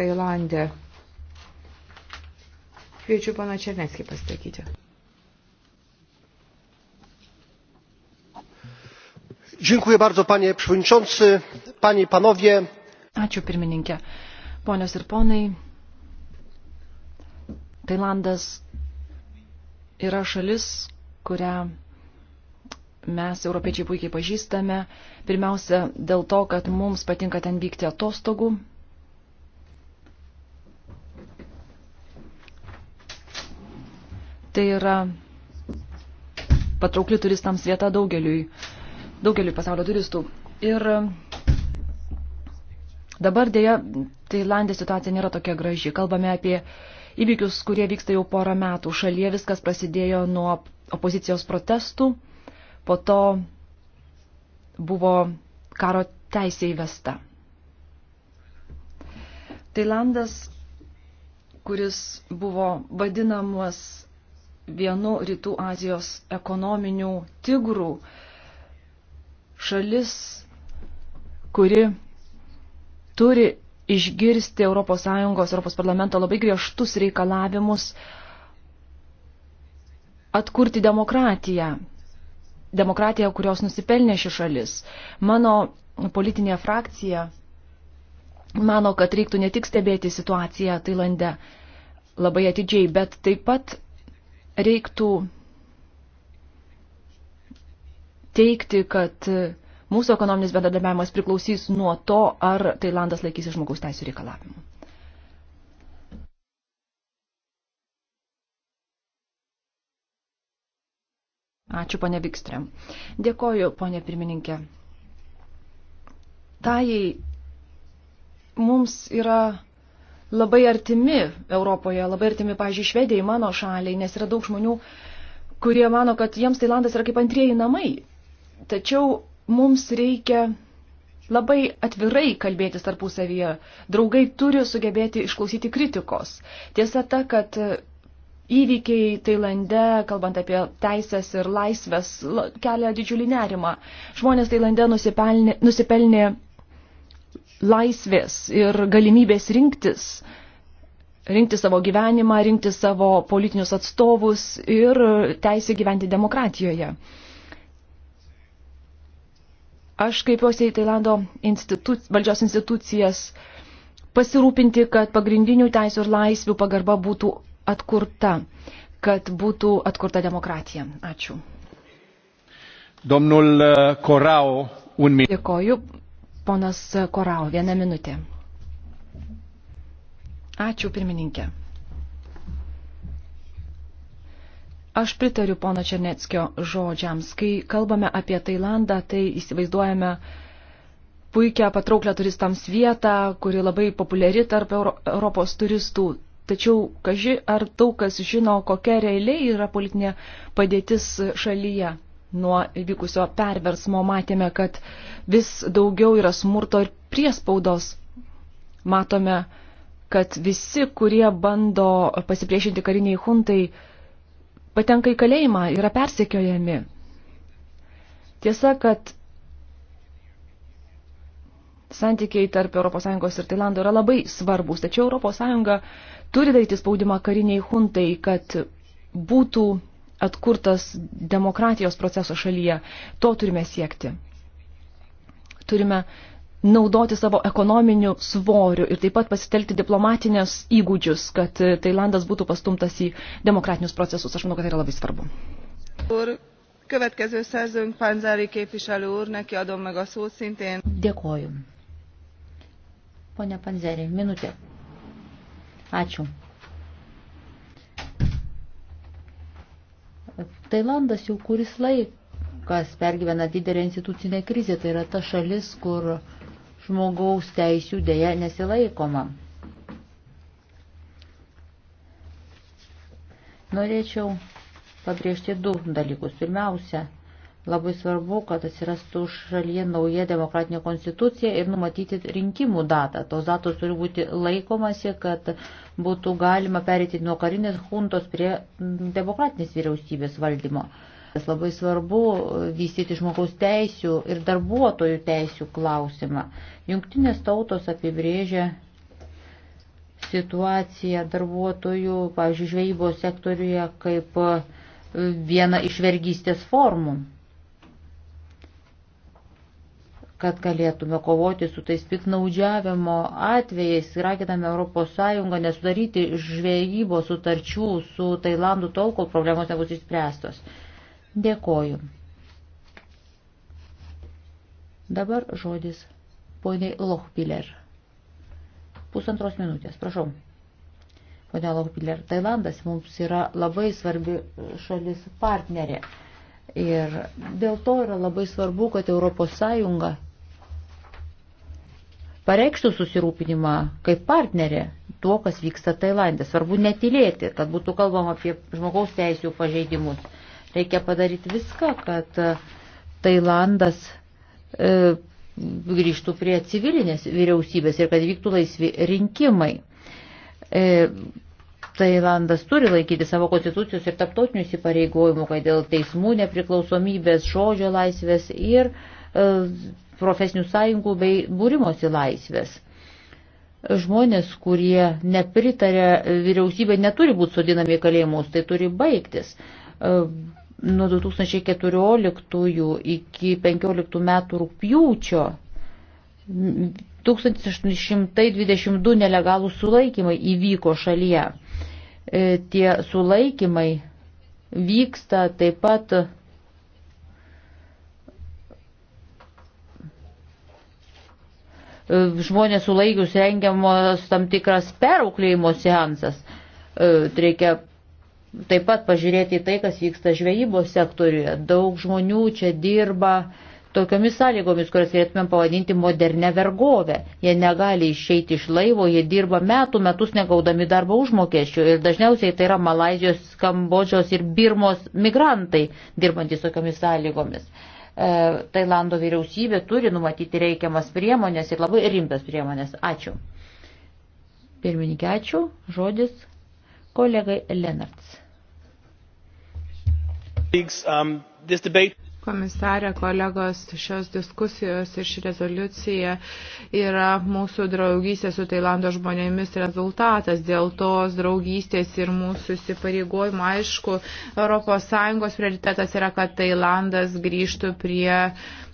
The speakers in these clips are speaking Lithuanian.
Tailandė. Kviečiu pana Černetskį pasakyti. Dziękuję bardzo, panie przewodniczący, panie i panowie. Ačiū pirmininkė. Ponios ir ponai, Tailandas yra šalis, kurią mes, europiečiai, puikiai pažįstame. Pirmiausia, dėl to, kad mums patinka ten vykti atostogų Tai yra patraukli turistams vieta daugeliui, daugeliui pasaulio turistų. Ir dabar dėja Tailandė situacija nėra tokia graži. Kalbame apie įvykius, kurie vyksta jau porą metų. Šalyje viskas prasidėjo nuo opozicijos protestų, po to buvo karo teisė įvesta. Tailandas, kuris buvo vadinamas vienu Rytų Azijos ekonominių tigrų šalis, kuri turi išgirsti ES, ES parlamento labai griežtus reikalavimus atkurti demokratiją. Demokratiją, kurios nusipelnė ši šalis. Mano politinė frakcija mano, kad reiktų ne tik stebėti situaciją Tailande labai atidžiai, bet taip pat reiktų teikti, kad mūsų ekonominis bendradarbiavimas priklausys nuo to, ar Tailandas laikysis žmogaus teisų reikalavimų. Ačiū, ponė Vikstrėm. Dėkoju, ponė pirmininkė. Tajai mums yra labai artimi Europoje, labai artimi, pažiūrėjau, Švedijai, mano šaliai, nes yra daug žmonių, kurie mano, kad jiems Tailandas yra kaip antrieji namai. Tačiau mums reikia labai atvirai kalbėtis tarpusavyje. Draugai turi sugebėti išklausyti kritikos. Tiesa ta, kad įvykiai Tailande, kalbant apie teisės ir laisvės, kelia didžiulį nerimą. Žmonės Tailande nusipelnė, nusipelnė laisvės ir galimybės rinktis, rinkti savo gyvenimą, rinkti savo politinius atstovus ir teisę gyventi demokratijoje. Aš kaipiuosi į Tailando institu, valdžios institucijas pasirūpinti, kad pagrindinių teisų ir laisvių pagarba būtų atkurta, kad būtų atkurta demokratija. Ačiū. Domnul Korao, eh, un minut. Dėkoju. Ponas Korau, vieną minutę. Ačiū, pirmininkė. Aš pritariu pono Černeckio žodžiams. Kai kalbame apie Tailandą, tai įsivaizduojame puikią patrauklę turistams vietą, kuri labai populiari tarp Europos turistų. Tačiau, kaži, ar daug kas žino, kokia realiai yra politinė padėtis šalyje nuo įvykusio perversmo matėme, kad vis daugiau yra smurto ir priespaudos. Matome, kad visi, kurie bando pasipriešinti kariniai huntai, patenka į kalėjimą, yra persekiojami. Tiesa, kad santykiai tarp ES ir Tailando yra labai svarbus, tačiau ES turi daryti spaudimą kariniai huntai, kad būtų atkurtas demokratijos proceso šalyje. To turime siekti. Turime naudoti savo ekonominiu svoriu ir taip pat pasitelkti diplomatinės įgūdžius, kad e, Tailandas būtų pastumtas į demokratinius procesus. Aš manau, kad tai yra labai svarbu. Dėkoju. Pone Panzerį, minutė. Ačiū. Tailandas jau kuris laikas pergyvena didelę institucinę krizę, tai yra ta šalis, kur žmogaus teisių dėja nesilaikoma. Norėčiau pabrėžti du dalykus. Pirmiausia, Labai svarbu, kad atsirastų šalyje nauja demokratinė konstitucija ir numatyti rinkimų datą. Tos datos turi būti laikomasi, kad būtų galima perėti nuo karinės huntos prie demokratinės vyriausybės valdymo. Labai svarbu vystyti žmogaus teisių ir darbuotojų teisių klausimą. Jungtinės tautos apibrėžia situaciją darbuotojų, pavyzdžiui, žvejybos sektoriuje kaip vieną iš vergystės formų kad galėtume kovoti su tais piknaudžiavimo atvejais ir aginame ES nesudaryti žvejybos sutarčių su Tailandu tol, kol problemos nebus išspręstos. Dėkoju. Dabar žodis poniai Lochpiller. Pusantros minutės, prašau. Pone Lochpiller, Tailandas mums yra labai svarbi šalis partnerė. Ir dėl to yra labai svarbu, kad ES pareikštų susirūpinimą kaip partnerė tuo, kas vyksta Tailandė. Svarbu netilėti, kad būtų kalbama apie žmogaus teisų pažeidimus. Reikia padaryti viską, kad e, Tailandas e, grįžtų prie civilinės vyriausybės ir kad vyktų laisvi rinkimai. E, Tailandas turi laikyti savo konstitucijos ir taptautinių įsipareigojimų, kai dėl teismų nepriklausomybės, žodžio laisvės ir e, profesinių sąjungų bei būrimosi laisvės. Žmonės, kurie nepritarė vyriausybė, neturi būti sodinami į kalėjimus, tai turi baigtis. E, nuo 2014 iki 2015 metų rūpjūčio 1822 nelegalų sulaikymai įvyko šalyje. E, tie sulaikymai vyksta taip pat E, žmonės sulaikius rengiamos tam tikras perauklėjimo seansas. E, reikia taip pat pažiūrėti į tai, kas vyksta žvejybos sektoriuje. Daug žmonių čia dirba tokiomis sąlygomis, kurias galėtumėm pavadinti modernę vergovę. Jie negali išeiti iš laivo, jie dirba metų metus negaudami darbo užmokesčių ir dažniausiai tai yra Malazijos, Kambodžos ir Birmos migrantai dirbantis tokiomis sąlygomis. E, Tailando vyriausybė turi numatyti reikiamas priemonės ir labai rimtas priemonės. Ačiū. Pirmininkė, ačiū. Žodis kolegai Lenarts. Um, Komisarė, kolegos, šios diskusijos ir ši rezoliucija yra mūsų draugystė su Tailando žmonėmis rezultatas. Dėl tos draugystės ir mūsų įsipareigojimo, aišku, ES prioritetas yra, kad Tailandas grįžtų prie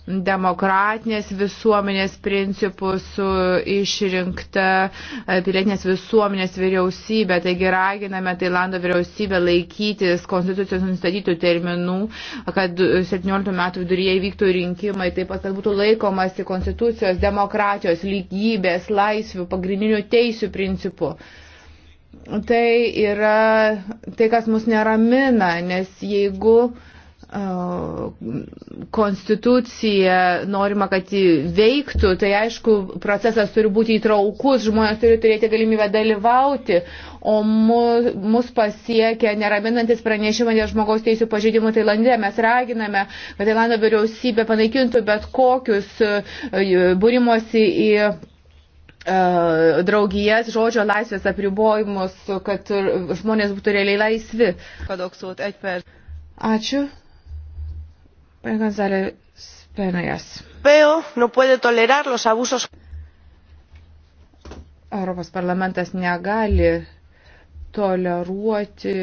demokratinės visuomenės principus su išrinkta e, pilietinės visuomenės vyriausybė. Taigi raginame Tailando vyriausybę laikytis konstitucijos nustatytų terminų, kad 17 metų viduryje įvyktų rinkimai, taip pat, kad būtų laikomasi konstitucijos, demokratijos, lygybės, laisvių, pagrindinių teisių principų tai yra tai, kas mus neramina, nes jeigu uh, konstitucija norima, kad veiktų, tai aišku, procesas turi būti įtraukus, žmonės turi turėti galimybę dalyvauti, o mus, mus pasiekia neraminantis pranešimai dėl žmogaus teisų pažeidimų Tailandė. Mes raginame, kad Tailando vyriausybė panaikintų bet kokius e, būrimosi į e, draugijas, žodžio laisvės apribojimus, kad žmonės būtų realiai laisvi. Ačiū. Pane González Penegas. No puede tolerar los abusos. Europos parlamentas negali toleruoti,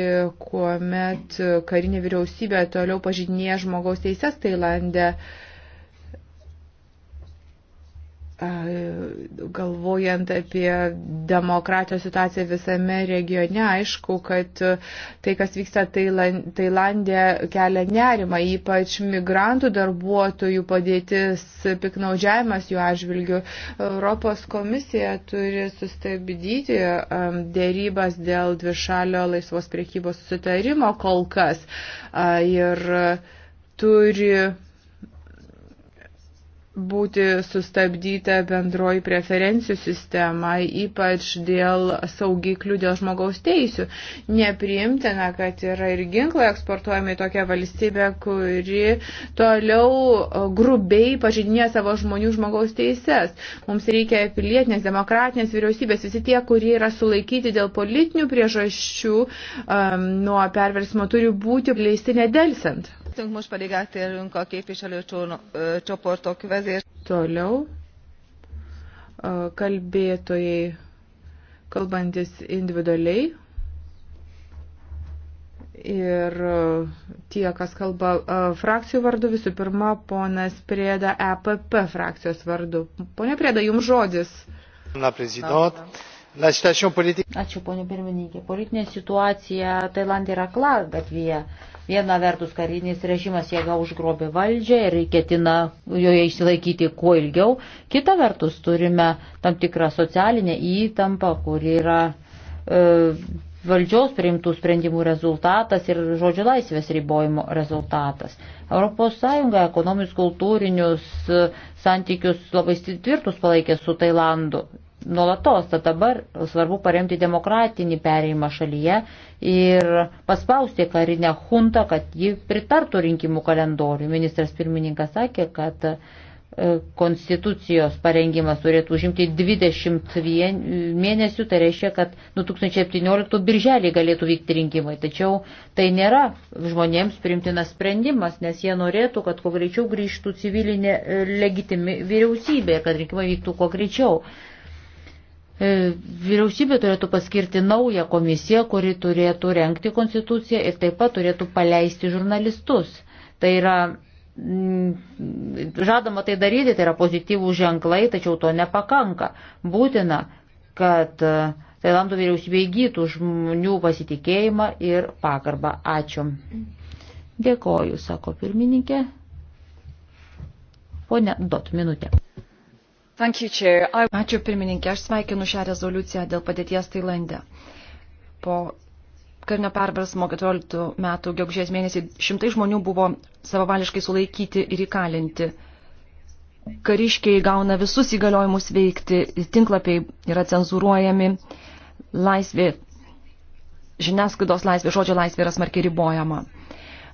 kuomet karinė vyriausybė toliau pažydinėja žmogaus teises Tailandė. Uh, galvojant apie demokratijos situaciją visame regione, aišku, kad tai, kas vyksta Tailandė, kelia nerimą, ypač migrantų darbuotojų padėtis, piknaudžiavimas jų atžvilgių. Europos komisija turi sustabdyti dėrybas dėl dvišalio laisvos priekybos susitarimo kol kas. Ir turi būti sustabdyta bendroji preferencijų sistema, ypač dėl saugiklių, dėl žmogaus teisių. Nepriimtina, kad yra ir ginklai eksportuojami į tokią valstybę, kuri toliau e, grubiai pažydinė savo žmonių žmogaus teises. Mums reikia pilietinės, demokratinės vyriausybės, visi tie, kurie yra sulaikyti dėl politinių priežasčių um, nuo perversmo, turi būti leisti nedelsant. Most pedig áttérünk a képviselőcsoportok vezér. Toliau kalbėtojai, kalbantis individualiai ir e, tie, kas kalba e, frakcijų vardu, visų pirma, ponas Prieda EPP frakcijos vardu. Pone Prieda, jums žodis. Na, prezident. La situacija politika. Ačiū, ponė pirmininkė. Politinė situacija Tailandė yra klar gatvėje. Viena vertus karinis režimas jėga užgrobė valdžią ir ketina joje išsilaikyti kuo ilgiau. Kita vertus turime tam tikrą socialinę įtampą, kuri yra e, valdžios priimtų sprendimų rezultatas ir žodžio laisvės ribojimo rezultatas. ES ekonominius kultūrinius e, santykius labai tvirtus palaikė su Tailandu nuolatos. Tad dabar svarbu paremti demokratinį perėjimą šalyje ir paspausti karinę huntą, kad ji pritartų rinkimų kalendoriui. Ministras pirmininkas sakė, kad e, konstitucijos parengimas turėtų užimti 20 mėnesių, tai reiškia, kad 2017 birželį galėtų vykti rinkimai. Tačiau tai nėra žmonėms primtinas sprendimas, nes jie norėtų, kad kuo greičiau grįžtų civilinė e, legitimi vyriausybė ir kad rinkimai vyktų kuo greičiau. E, vyriausybė turėtų paskirti naują komisiją, kuri turėtų renkti konstituciją ir taip pat turėtų paleisti žurnalistus. Tai yra mm, žadama tai daryti, tai yra pozityvų ženklai, tačiau to nepakanka. Būtina, kad e, Tailando vyriausybė įgytų žmonių pasitikėjimą ir pagarbą. Ačiū. Dėkoju, sako pirmininkė. Pone Dot, minutė. You, I... Ačiū pirmininkė, aš sveikinu šią rezoliuciją dėl padėties Tailande. Po karinio perversmo 14 metų gegužės mėnesį šimtai žmonių buvo savavališkai sulaikyti ir įkalinti. Kariškiai gauna visus įgaliojimus veikti, tinklapiai yra cenzūruojami, laisvė, žiniasklaidos laisvė, žodžio laisvė yra smarkiai ribojama.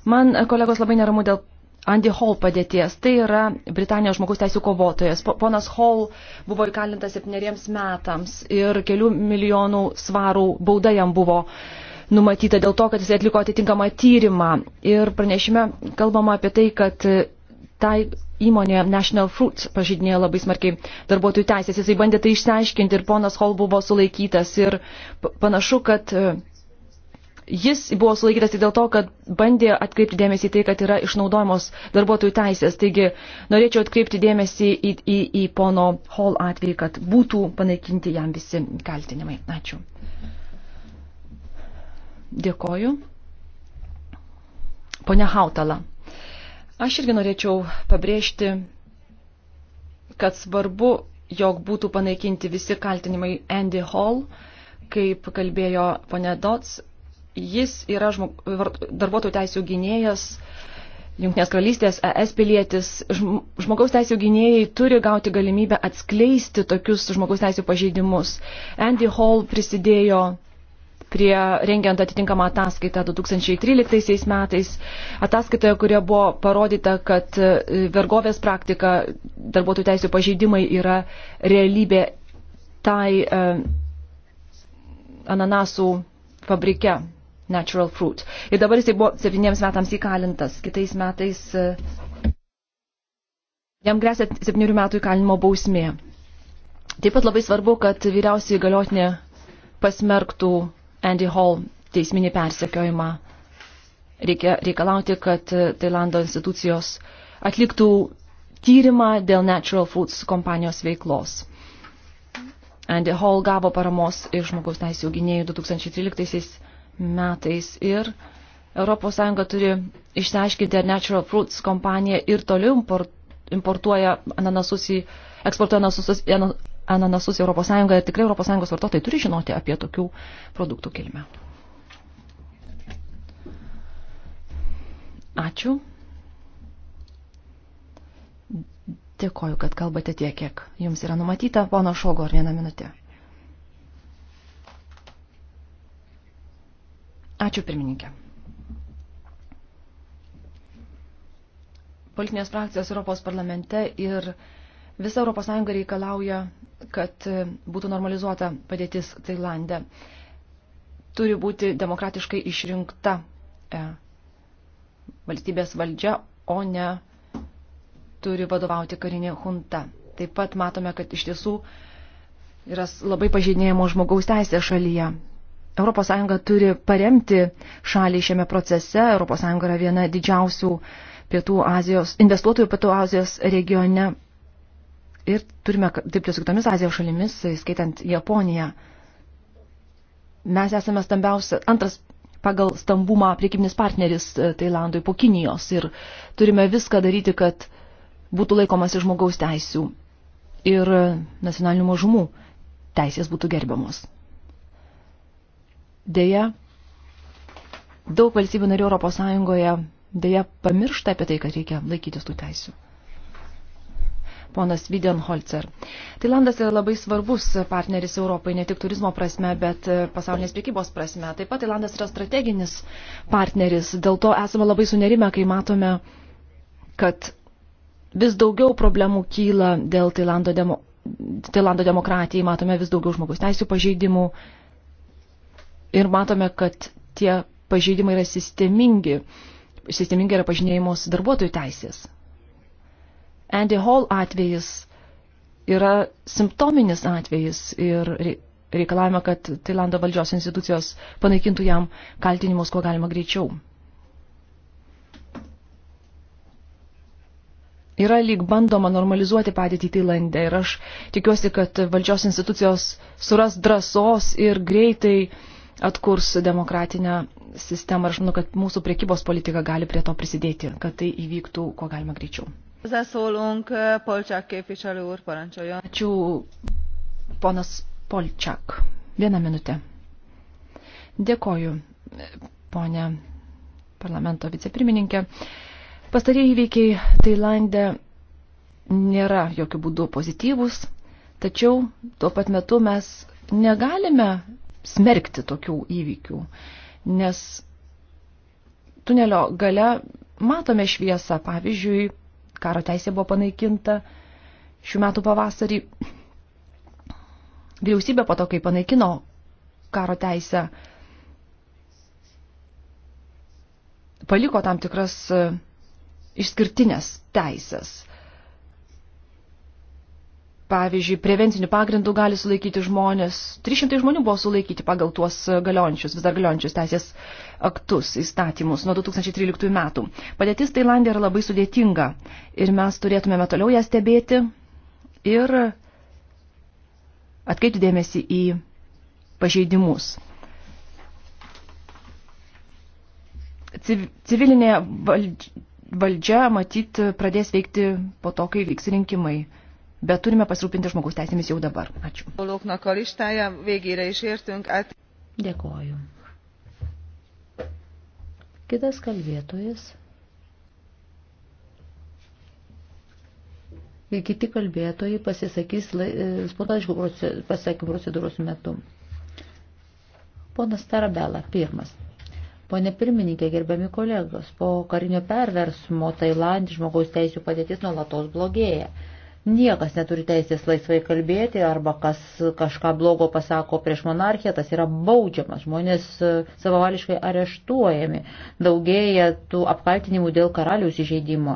Man kolegos labai neramu dėl Andy Hall padėties. Tai yra Britanijos žmogus teisų kovotojas. Ponas Hall buvo įkalintas septyneriems metams ir kelių milijonų svarų bauda jam buvo numatyta dėl to, kad jis atliko atitinkamą tyrimą. Ir pranešime kalbama apie tai, kad tai įmonė National Fruits pažydinėjo labai smarkiai darbuotojų teisės. Jisai bandė tai išsiaiškinti ir ponas Hall buvo sulaikytas. Ir panašu, kad jis buvo sulaikytas tik dėl to, kad bandė atkreipti dėmesį į tai, kad yra išnaudojamos darbuotojų teisės. Taigi norėčiau atkreipti dėmesį į, į, į pono Hall atvejį, kad būtų panaikinti jam visi kaltinimai. Ačiū. Dėkoju. Pone Hautala, aš irgi norėčiau pabrėžti, kad svarbu, jog būtų panaikinti visi kaltinimai Andy Hall, kaip kalbėjo ponė Dots, Jis yra žmog, darbuotojų teisų gynėjas, Junktinės karalystės ES pilietis. Žmogaus teisų gynėjai turi gauti galimybę atskleisti tokius žmogaus teisų pažeidimus. Andy Hall prisidėjo prie rengiant atitinkamą ataskaitą 2013 metais. Ataskaitoje, kurioje buvo parodyta, kad e, vergovės praktika, darbuotojų teisų pažeidimai yra realybė tai e, ananasų fabrike Natural Fruit. Ir dabar jisai buvo septyniems metams įkalintas. Kitais metais e, jam grėsia septynių metų įkalinimo bausmė. Taip pat labai svarbu, kad vyriausiai galiotinė pasmerktų Andy Hall teisminį persekiojimą. Reikia reikalauti, kad e, Tailando institucijos atliktų tyrimą dėl Natural Foods kompanijos veiklos. Andy Hall gavo paramos iš žmogaus teisų gynėjų 2013 metais ir ES turi išsiaiškinti, ar Natural Fruits kompanija ir toliau importuoja ananasus į, eksportuoja ananasus, ananasus į ES ir tikrai ES vartotojai turi žinoti apie tokių produktų kilmę. Ačiū. Dėkoju, kad kalbate tiek, kiek jums yra numatyta. Pono Šogo, ar vieną minutę. Ačiū pirmininkė. Politinės frakcijos Europos parlamente ir visa ES reikalauja, kad būtų normalizuota padėtis Tailande. Turi būti demokratiškai išrinkta e, valstybės valdžia, o ne turi vadovauti karinė hunta. Taip pat matome, kad iš tiesų yra labai pažeidinėjamos žmogaus teisės šalyje. ES turi paremti šalį šiame procese. ES yra viena didžiausių Pietų Azijos, investuotojų Pietų Azijos regione. Ir turime dirbti su kitomis Azijos šalimis, skaitant Japoniją. Mes esame stambiausia, antras pagal stambumą priekybnis partneris e, Tailandui po Kinijos ir turime viską daryti, kad būtų laikomasi žmogaus teisių ir e, nacionalinių mažumų teisės būtų gerbiamos. Deja, daug valstybių narių Europos Sąjungoje deja pamiršta apie tai, kad reikia laikytis tų teisių. Ponas Videnholzer. Tailandas yra labai svarbus partneris Europai, ne tik turizmo prasme, bet pasaulinės priekybos prasme. Taip pat Tailandas yra strateginis partneris, dėl to esame labai sunerime, kai matome, kad vis daugiau problemų kyla dėl Tailando, demo, Tailando demokratijai, matome vis daugiau žmogus teisų pažeidimų, ir matome, kad tie pažeidimai yra sistemingi. Sistemingi yra pažinėjimos darbuotojų teisės. Andy Hall atvejis yra simptominis atvejis ir reikalavime, kad Tailando valdžios institucijos panaikintų jam kaltinimus kuo galima greičiau. Yra lyg bandoma normalizuoti padėtį Tailandė ir aš tikiuosi, kad valdžios institucijos suras drąsos ir greitai uh, atkurs demokratinę sistemą ir aš manau, kad mūsų priekybos politika gali prie to prisidėti, kad tai įvyktų kuo galima greičiau. Ačiū, ponas Polčiak. Vieną minutę. Dėkoju, ponė parlamento vicepirmininkė. Pastarieji įveikiai Tailandė nėra jokių būdų pozityvus, tačiau tuo pat metu mes negalime smerkti tokių įvykių, nes tunelio gale matome šviesą, pavyzdžiui, karo teisė buvo panaikinta šių metų pavasarį. Vyriausybė po to, kai panaikino karo teisę, paliko tam tikras išskirtinės teisės pavyzdžiui, prevencinių pagrindų gali sulaikyti žmonės. 300 žmonių buvo sulaikyti pagal tuos galiojančius, vis dar galiojančius teisės aktus, įstatymus nuo 2013 metų. Padėtis Tailandė yra labai sudėtinga ir mes turėtumėme toliau ją stebėti ir atkreipti dėmesį į pažeidimus. Civilinė valdžia matyt pradės veikti po to, kai vyks rinkimai bet turime pasirūpinti žmogaus teisėmis jau dabar. Ačiū. Dėkoju. Kitas kalbėtojas. Ir kiti kalbėtojai pasisakys e, spontaniškų pasisakymų procedūros metu. Ponas Tarabela, pirmas. Pone pirmininkė, gerbiami kolegos, po karinio perversmo Tailandė žmogaus teisų padėtis nuolatos blogėja. Niekas neturi teisės laisvai kalbėti arba kas kažką blogo pasako prieš monarchiją, tas yra baudžiamas, žmonės e, savavališkai areštuojami, daugėja tų apkaltinimų dėl karaliaus įžeidimo,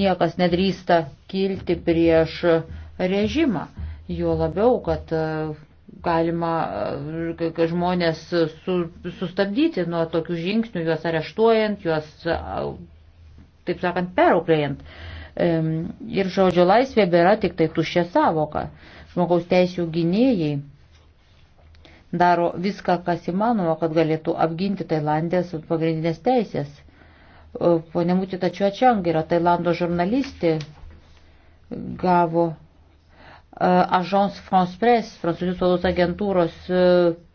niekas nedrįsta kilti prieš režimą, juo labiau, kad e, galima e, žmonės su, sustabdyti nuo tokių žingsnių, juos areštuojant, juos, taip sakant, perauklėjant ir žodžio laisvė bėra tik tai tuščia savoka. Žmogaus teisų gynėjai daro viską, kas įmanoma, kad galėtų apginti Tailandės pagrindinės teisės. Pone Mūti Tačiu Ačiang yra Tailando žurnalistė, gavo e, Agence France Press, prancūzijos spaudos agentūros e,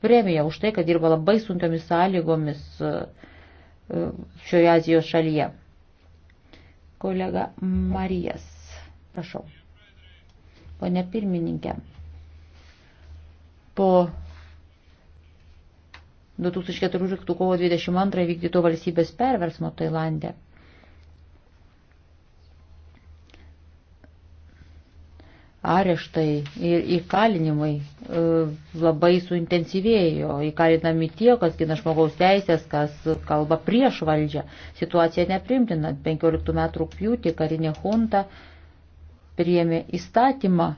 premiją už tai, kad dirba labai sunkiomis sąlygomis e, šioje Azijos šalyje. Kolega Marijas, prašau. Pone pirmininkė, po 2014 kovo 22 vykdyto valstybės perversmo Tailandė areštai ir įkalinimai e, labai suintensyvėjo. Įkalinami tie, kas gina žmogaus teisės, kas kalba prieš valdžią. Situacija neprimtina. 15 metų rūpjūtį karinė hunta priėmė įstatymą,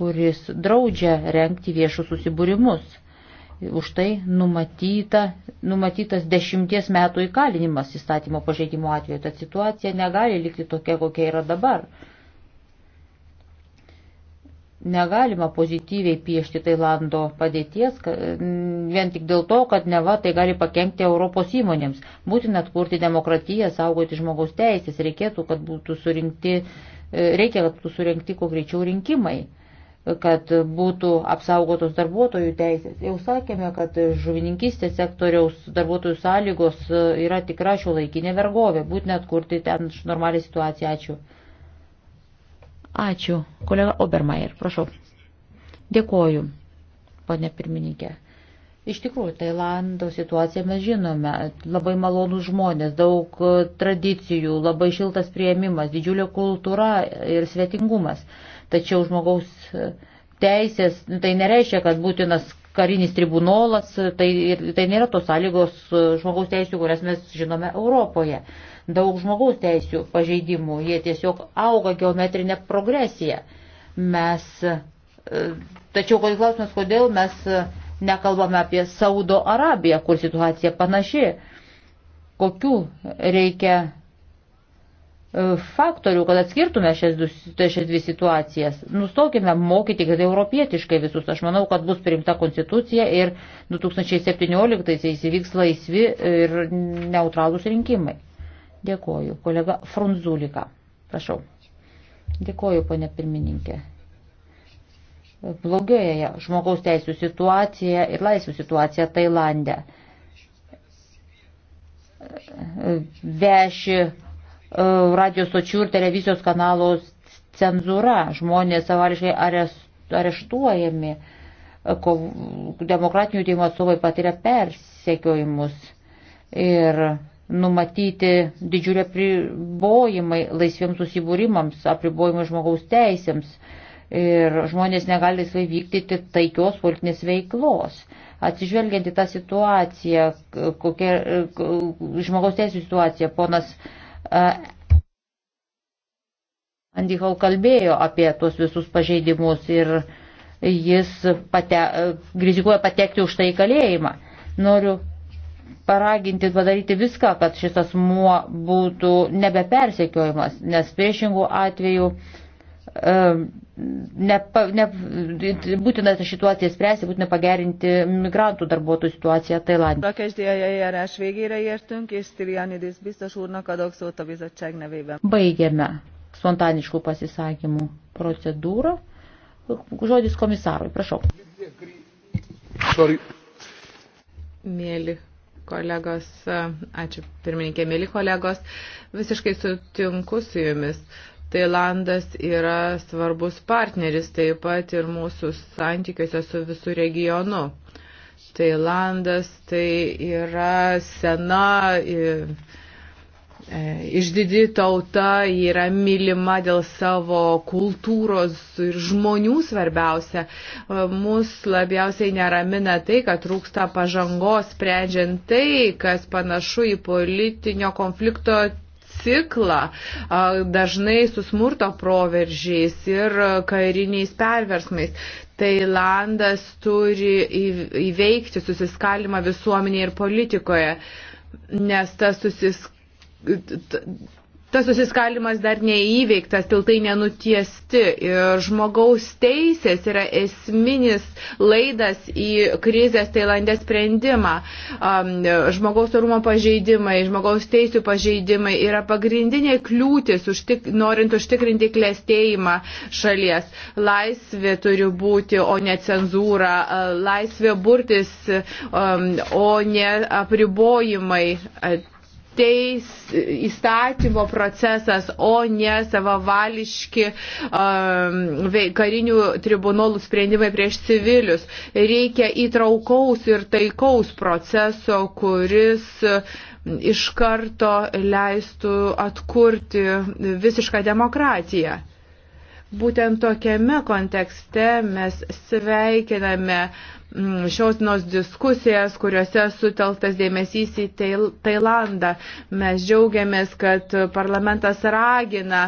kuris draudžia renkti viešus susibūrimus. Už tai numatyta, numatytas dešimties metų įkalinimas įstatymo pažeidimo atveju. Ta situacija negali likti tokia, kokia yra dabar. Negalima pozityviai piešti Tailando padėties vien tik dėl to, kad neva tai gali pakengti Europos įmonėms. Būtina atkurti demokratiją, saugoti žmogaus teisės, reikėtų, kad būtų surinkti, e, reikia, kad būtų surinkti kuo greičiau rinkimai kad būtų apsaugotos darbuotojų teisės. Jau sakėme, kad žuvininkystės sektoriaus darbuotojų sąlygos e, yra tikra šio laikinė vergovė. Būtina atkurti ten normalią situaciją. Ačiū. Ačiū. Kolega Obermeier, prašau. Dėkoju, ponė pirmininkė. Iš tikrųjų, Tailando situaciją mes žinome. Labai malonų žmonės, daug tradicijų, labai šiltas prieimimas, didžiulė kultūra ir svetingumas. Tačiau žmogaus teisės, nu, tai nereiškia, kad būtinas karinis tribunolas, tai, tai nėra tos sąlygos e, žmogaus teisų, kurias mes žinome Europoje. Daug žmogaus teisų pažeidimų, jie tiesiog auga geometrinė progresija. Mes, e, tačiau klausimas, kodėl mes e, nekalbame apie Saudo Arabiją, kur situacija panaši, kokių reikia E, faktorių, kad atskirtume šias, du, tai šias dvi situacijas. Nustokime mokyti, kad europietiškai visus. Aš manau, kad bus priimta konstitucija ir 2017-aisiais įvyks laisvi ir neutralūs rinkimai. Dėkoju. Kolega Frunzulika. Prašau. Dėkoju, ponė pirmininkė blogėja žmogaus teisų situacija ir laisvų situacija Tailandė. Veši E, radio stočių ir televizijos kanalų cenzūra, žmonės savališkai areštuojami, e, demokratinių judėjimų atstovai patiria persekiojimus ir numatyti didžiulį apribojimai laisviems susibūrimams, apribojimai žmogaus teisėms ir žmonės negali laisvai vykdyti taikios politinės veiklos. Atsižvelgiant į tą situaciją, kokia žmogaus teisų situacija, ponas uh, Andihau kalbėjo apie tuos visus pažeidimus ir jis pate, rizikuoja patekti už tai kalėjimą. Noriu paraginti padaryti viską, kad šis asmuo būtų nebepersekiojimas, nes priešingų atveju um, nepa, ne, būtina tą situaciją spręsti, būtina pagerinti migrantų darbuotojų situaciją Tailandė. A kezdélyi eljárás végére értünk, és Stylianidis biztos úrnak adok szót a bizottság nevében. Baigėme spontaniškų pasisakymų procedūrą. Žodis komisarui, prašau. Sorry. Mėly kolegos, ačiū pirmininkė, mėly kolegos, visiškai sutinku su jumis. Uh, Tailandas yra svarbus partneris taip pat ir mūsų santykiuose su visų regionu. Tailandas tai yra sena e, išdidi tauta, yra mylima dėl savo kultūros ir žmonių svarbiausia. E, mus labiausiai neramina tai, kad trūksta pažangos sprendžiant tai, kas panašu į politinio konflikto ciklą, dažnai su smurto proveržiais ir kariniais perversmais. Tailandas turi įveikti susiskalimą visuomenėje ir politikoje, nes tas susiskalimas tas susiskalimas dar neįveiktas, tiltai nenutiesti ir žmogaus teisės yra esminis laidas į krizės Tailandė sprendimą. Um, žmogaus orumo pažeidimai, žmogaus teisų pažeidimai yra pagrindinė kliūtis, užtik, norint užtikrinti klėstėjimą šalies. Laisvė turi būti, o ne cenzūra, laisvė burtis, um, o ne apribojimai teis, įstatymo procesas, o ne savavališki um, karinių tribunolų sprendimai prieš civilius. Reikia įtraukaus ir taikaus proceso, kuris um, iš karto leistų atkurti visišką demokratiją. Būtent tokiame kontekste mes sveikiname mm, šios dienos diskusijas, kuriuose sutelktas dėmesys į Tailandą. Mes džiaugiamės, kad parlamentas ragina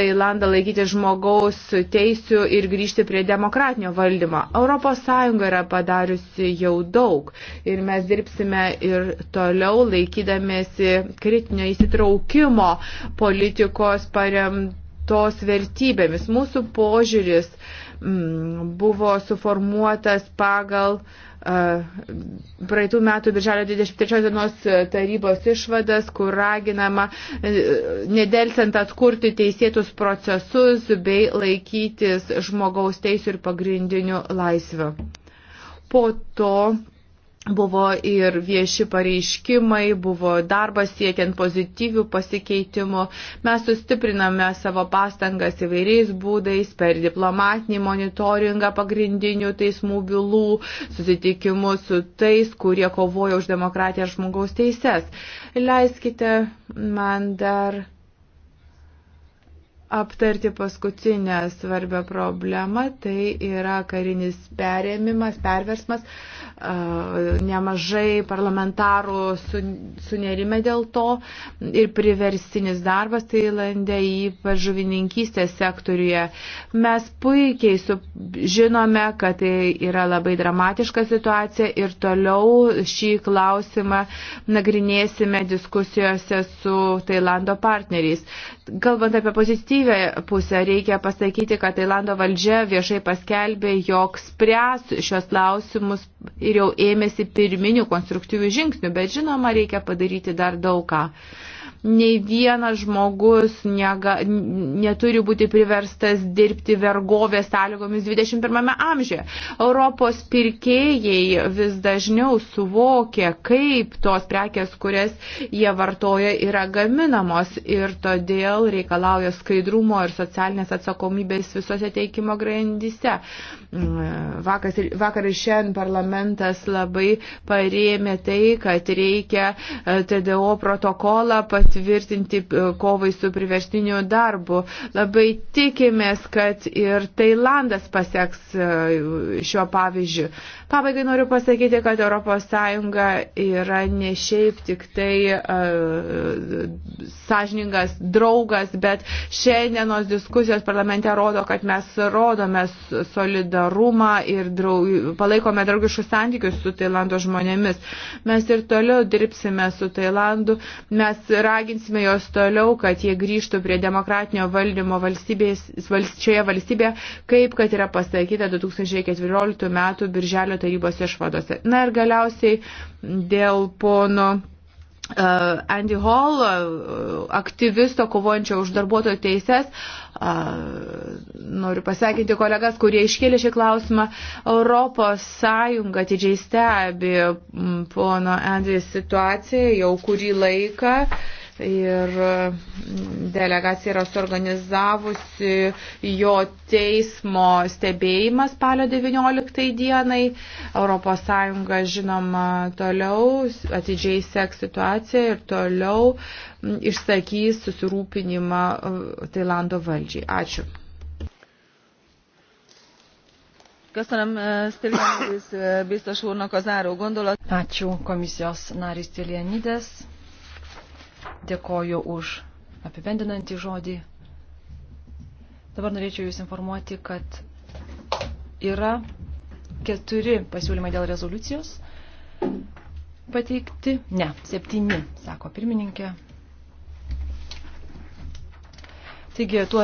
Tailandą laikyti žmogaus teisių ir grįžti prie demokratinio valdymo. ES yra padariusi jau daug ir mes dirbsime ir toliau laikydamėsi kritinio įsitraukimo politikos paremtų tos vertybėmis. Mūsų požiūris m, mm, buvo suformuotas pagal uh, praeitų metų birželio 23 dienos tarybos išvadas, kur raginama e, nedelsiant atkurti teisėtus procesus bei laikytis žmogaus teisų ir pagrindinių laisvių. Po to Buvo ir vieši pareiškimai, buvo darbas siekiant pozityvių pasikeitimų. Mes sustipriname savo pastangas įvairiais būdais per diplomatinį monitoringą pagrindinių teismų bylų, susitikimus su tais, kurie kovoja už demokratiją ir žmogaus teises. Leiskite man dar aptarti paskutinę svarbę problemą, tai yra karinis perėmimas, perversmas nemažai parlamentarų sunerime dėl to ir priverstinis darbas Tailande, ypač žuvininkystės sektoriuje. Mes puikiai žinome, kad tai yra labai dramatiška situacija ir toliau šį klausimą nagrinėsime diskusijose su Tailando partneriais. Kalbant apie pozityvę pusę, reikia pasakyti, kad Tailando valdžia viešai paskelbė, jog spręs šios klausimus ir jau ėmėsi pirminių konstruktyvių žingsnių, bet žinoma, reikia padaryti dar daug ką nei vienas žmogus nega, neturi būti priverstas dirbti vergovės sąlygomis 21 amžiuje. Europos pirkėjai vis dažniau suvokia, kaip tos prekės, kurias jie vartoja, yra gaminamos ir todėl reikalauja skaidrumo ir socialinės atsakomybės visose teikimo grandyse. Mm, vakar, vakar ir šiandien parlamentas labai parėmė tai, kad reikia e, TDO protokolą pat patvirtinti e, kovai su priverstiniu darbu. Labai tikimės, kad ir Tailandas paseks e, šio pavyzdžių. Pabaigai noriu pasakyti, kad ES yra ne šiaip tik tai uh, sąžiningas draugas, bet šiandienos diskusijos parlamente rodo, kad mes rodome solidarumą ir draug, palaikome draugiškus santykius su Tailando žmonėmis. Mes ir toliau dirbsime su Tailandu. Mes ra raginsime juos toliau, kad jie grįžtų prie demokratinio valdymo valstybės, šioje valstybėje, kaip kad yra pasakyta 2014 m. Birželio tarybos išvadose. Na ir galiausiai dėl pono. Uh, Andy Hall, uh, aktyvisto kovojančio už darbuotojo teises, uh, noriu pasveikinti kolegas, kurie iškėlė šį klausimą. Europos Sąjunga atidžiai stebi pono Andrės situaciją jau kurį laiką. Uh, ir mm, delegacija yra suorganizavusi jo teismo stebėjimą spalio 19 dienai. ES žinoma toliau atidžiai seks situaciją ir toliau mm, išsakys susirūpinimą e, Tailando valdžiai. Ačiū. köszönöm e, stylianides e, biztos úrnak a záró gondolatot. ačiū komisijos narei stylianides. Dėkoju už apibendinantį žodį. Dabar norėčiau Jūs informuoti, kad yra keturi pasiūlymai dėl rezoliucijos pateikti. Ne, septyni, sako pirmininkė. Taigi, tuo